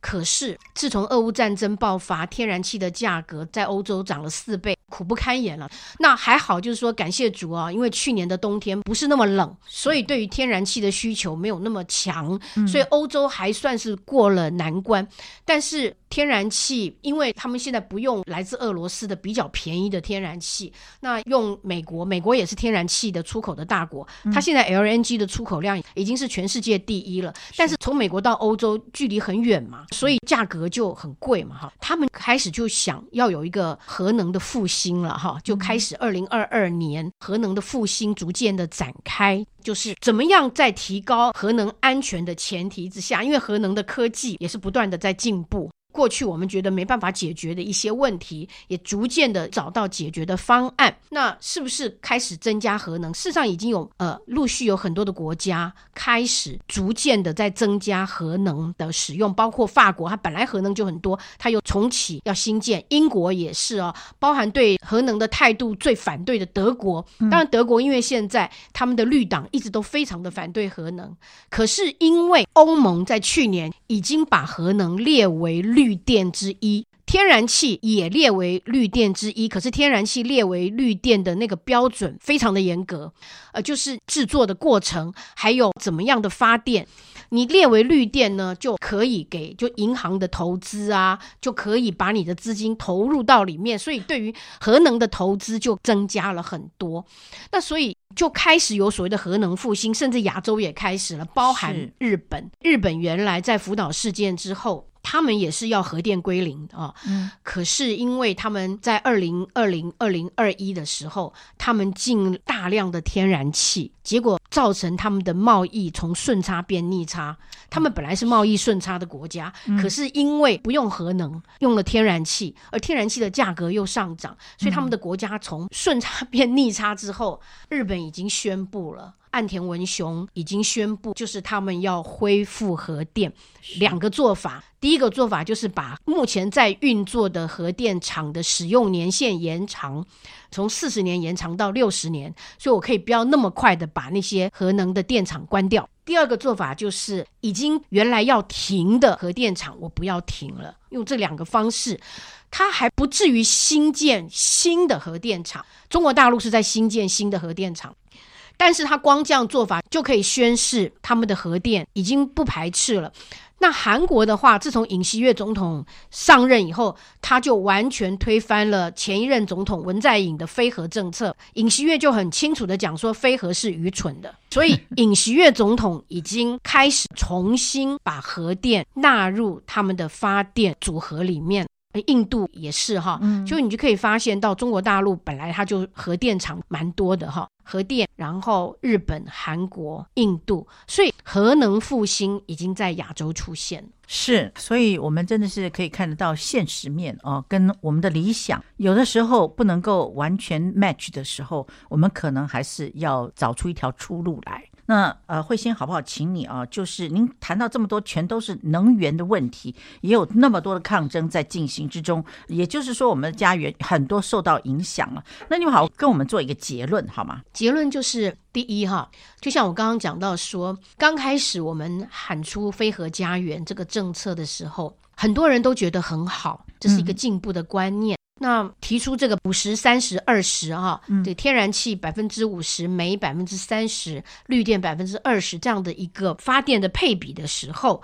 可是自從俄烏戰爭爆發，天然氣的價格在歐洲漲了四倍，苦不堪言了。那還好，就是說感謝主啊，因為去年的冬天不是那麼冷，所以對於天然氣的需求沒有那麼強，嗯、所以歐洲還算是過了難關。但是。天然氣，因為他們現在不用來自俄羅斯的比較便宜的天然氣，那用美國，美國也是天然氣的出口的大國，嗯、它現在 LNG 的出口量已經是全世界第一了，但是從美國到歐洲距離很遠嘛，所以價格就很貴嘛。哈、嗯，他們開始就想要有一個核能的復興了，哈，就開始二零二二年核能的復興逐漸的展開，就是怎麼樣在提高核能安全的前提之下，因為核能的科技也是不斷的在進步。過去我們覺得沒辦法解決的一些問題，也逐漸的找到解決的方案。那是不是開始增加核能？事實上已經有呃陸續有很多的國家開始逐漸的在增加核能的使用，包括法國，它本來核能就很多，它又重啟要新建。英國也是哦，包含對核能的態度最反對的德國。嗯。當然，德國因為現在他們的綠黨一直都非常的反對核能，可是因為歐盟在去年已經把核能列為綠。綠電之一，天然氣也列為綠電之一。可是天然氣列為綠電的那個標準非常的嚴格，呃，就是製作的過程，還有怎麼樣的發電，你列為綠電呢，就可以給就銀行的投資啊，就可以把你的資金投入到裡面。所以對於核能的投資就增加了很多。那所以就開始有所謂的核能復興，甚至亞洲也開始了，包含日本。日本原來在福島事件之後。他們也是要核電歸零啊、哦嗯，可是因為他們在二零二零二零二一的時候，他們進大量的天然氣，結果造成他們的貿易從順差變逆差。他們本來是貿易順差的國家、嗯，可是因為不用核能，用了天然氣，而天然氣的價格又上漲，所以他們的國家從順差變逆差之後，日本已經宣布了。岸田文雄已經宣布，就是他們要恢復核電。兩個做法，第一個做法就是把目前在運作的核電廠的使用年限延長，從四十年延長到六十年，所以我可以不要那麼快的把那些核能的電廠關掉。第二個做法就是，已經原來要停的核電廠我不要停了。用這兩個方式，它還不至於新建新的核電廠。中國大陸是在新建新的核電廠。但是他光這樣做法就可以宣示他們的核電已經不排斥了。那韓國的話，自從尹錫悅總統上任以後，他就完全推翻了前一任總統文在寅的非核政策。尹錫悅就很清楚的講說，非核是愚蠢的。所以尹錫悅總統已經開始重新把核電納入他們的發電組合裡面。印度也是哈，就你就可以發現到中國大陸本來它就核電廠蠻多的哈。核電，然後日本、韓國、印度，所以核能復興已經在亞洲出現了。是，所以我們真的是可以看得到現實面哦，跟我們的理想，有的時候不能夠完全 match 的時候，我們可能還是要找出一條出路來。那呃，蕙仙好不好，請你啊，就是您談到這麼多，全都是能源的問題，也有那麼多的抗爭在進行之中，也就是說，我們的家園很多受到影響了。那你們好跟我們做一個結論好嗎？結論就是，第一哈，就像我剛剛講到說，剛開始我們喊出“非核家園”這個政策的時候，很多人都覺得很好，這是一個進步的觀念。嗯那提出這個五十、三十、二十，哈，對，天然氣百分之五十，煤百分之三十，綠電百分之二十這樣的一個發電的配比的時候，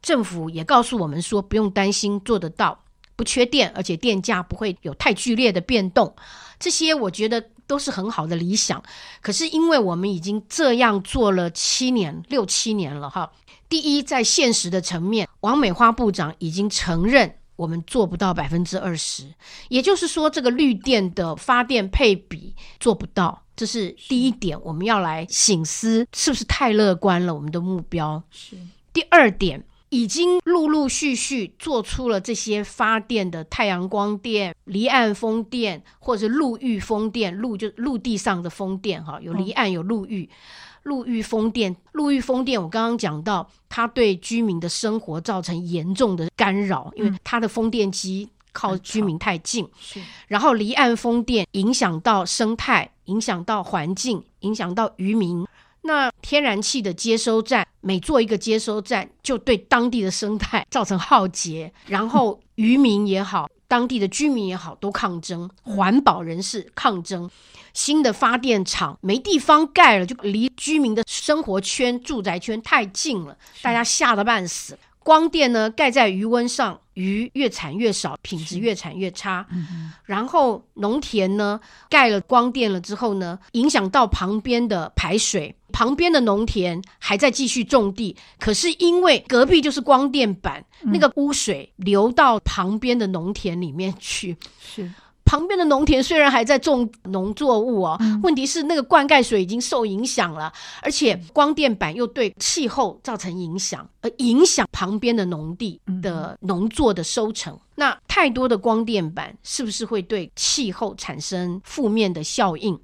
政府也告訴我們說，不用擔心，做得到，不缺電，而且電價不會有太劇烈的變動，這些我覺得都是很好的理想。可是因為我們已經這樣做了七年、六七年了，哈。第一，在現實的層面，王美花部長已經承認。我們做不到百分之二十，也就是說，這個綠電的發電配比做不到，這是第一點，我們要來省思是不是太樂觀了？我們的目標是第二點，已經陸陸續續做出了這些發電的太陽光電、離岸風電，或者是陸域風電，陸就陸地上的風電哈，有離岸有，有陸域。陸域風電，陸域風電，我剛剛講到，它對居民的生活造成嚴重的干擾，因為它的風電機靠居民太近。是、嗯，然後離岸風電影響到生態，影響到環境，影響到漁民。那天然氣的接收站，每做一個接收站，就對當地的生態造成浩劫，然後漁民也好。 當地的居民也好，都抗爭，環保人士抗爭，新的發電廠沒地方蓋了，就離居民的生活圈、住宅圈太近了，大家嚇得半死。光電呢，蓋在魚塭上，魚越產越少，品質越產越差。然後農田呢，蓋了光電了之後呢，影響到旁邊的排水。旁邊的農田還在繼續種地，可是因為隔壁就是光電板，嗯、那個污水流到旁邊的農田裡面去。是旁邊的農田雖然還在種農作物哦、嗯，問題是那個灌溉水已經受影響了，而且光電板又對氣候造成影響，而影響旁邊的農地的農作的收成。嗯、那太多的光電板是不是會對氣候產生負面的效應？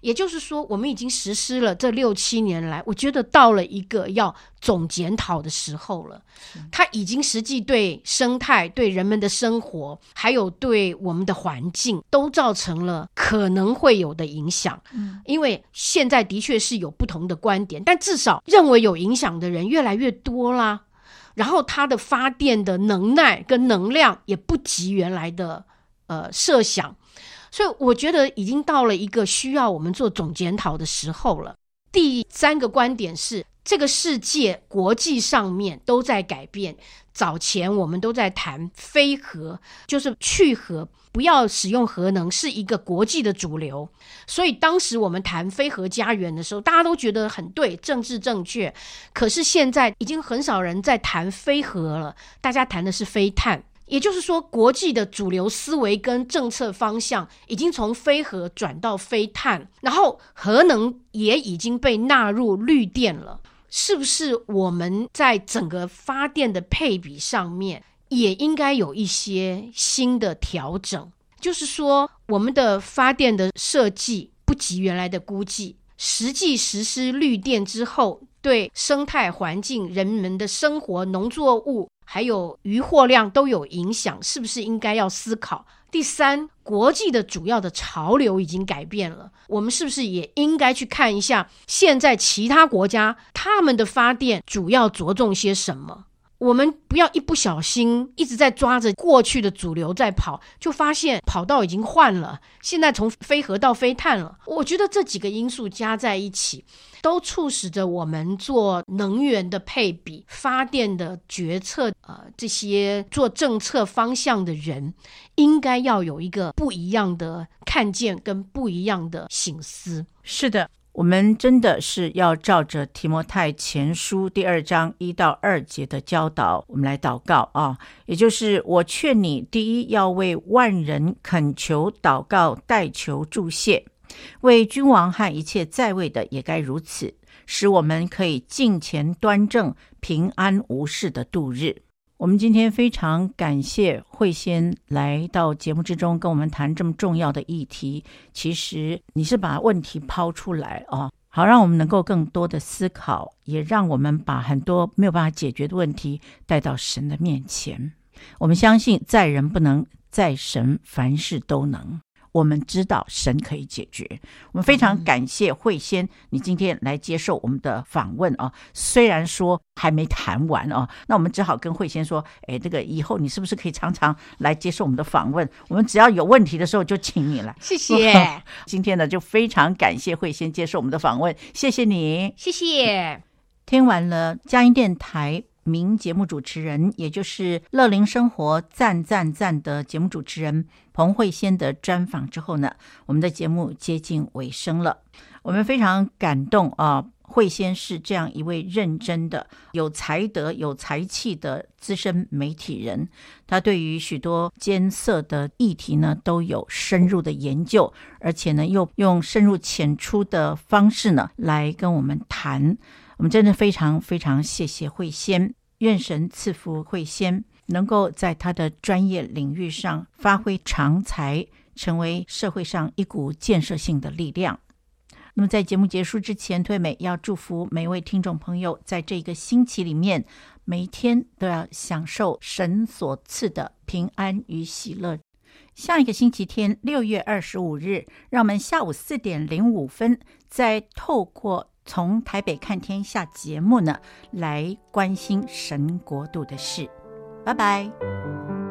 也就是說，我們已經實施了這六七年來，我覺得到了一個要總檢討的時候了。它已經實際對生態、對人們的生活，還有對我們的環境，都造成了可能會有的影響。嗯。因為現在的確是有不同的觀點，但至少認為有影響的人越來越多啦。然後，它的發電的能耐跟能量也不及原來的呃設想。所以我覺得已經到了一個需要我們做總檢討的時候了。第三個觀點是，這個世界國際上面都在改變。早前我們都在談非核，就是去核，不要使用核能，是一個國際的主流。所以當時我們談非核家園的時候，大家都覺得很對，政治正確。可是現在已經很少人在談非核了，大家談的是非碳。也就是說，國際的主流思維跟政策方向已經從非核轉到非碳，然後核能也已經被納入綠電了。是不是我們在整個發電的配比上面也應該有一些新的調整？就是說，我們的發電的設計不及原來的估計。實際實施綠電之後，對生態環境、人們的生活、農作物還有漁獲量都有影響，是不是應該要思考？第三，國際的主要的潮流已經改變了，我們是不是也應該去看一下現在其他國家他們的發電主要着重些什麼？我們不要一不小心一直在抓着過去的主流在跑，就發現跑道已經換了。現在從非核到非碳了。我覺得這幾個因素加在一起，都促使着我們做能源的配比、發電的決策，呃，這些做政策方向的人應該要有一個不一樣的看見跟不一樣的省思。是的。我們真的是要照着提摩太前書第二章一到二節的教導，我們來禱告啊。也就是我勸你，第一要為萬人懇求、禱告、代求、祝謝，為君王和一切在位的也該如此，使我們可以敬虔端正、平安無事的度日。我們今天非常感謝蕙仙來到節目之中，跟我們談這麼重要的議題。其實你是把問題拋出來啊、哦，好讓我們能夠更多的思考，也讓我們把很多沒有辦法解決的問題帶到神的面前。我們相信，在人不能，在神凡事都能。我們知道神可以解決，我們非常感謝蕙仙，你今天來接受我們的訪問哦、啊。雖然說還沒談完哦、啊，那我們只好跟蕙仙說，誒，這個以後你是不是可以常常來接受我們的訪問？我們只要有問題的時候就請你來。謝謝。今天呢，就非常感謝蕙仙接受我們的訪問，謝謝你。謝謝。聽完了佳音電台名節目主持人，也就是樂齡生活讚讚讚的節目主持人。從蕙仙的專訪之後呢，我們的節目接近尾聲了。我們非常感動啊，蕙仙是這樣一位認真的、有才德、有才氣的資深媒體人。他對於許多艱澀的議題呢，都有深入的研究，而且呢，又用深入淺出的方式呢，來跟我們談。我們真的非常非常謝謝蕙仙，願神賜福蕙仙。能夠在他的專業領域上發揮長才，成為社會上一股建設性的力量。那麼，在節目結束之前，退美要祝福每位聽眾朋友，在這個星期裡面，每天都要享受神所賜的平安與喜樂。下一個星期天，六月二十五日，讓我們下午四點零五分，再透過《從台北看天下》節目呢，來關心神國度的事。拜拜。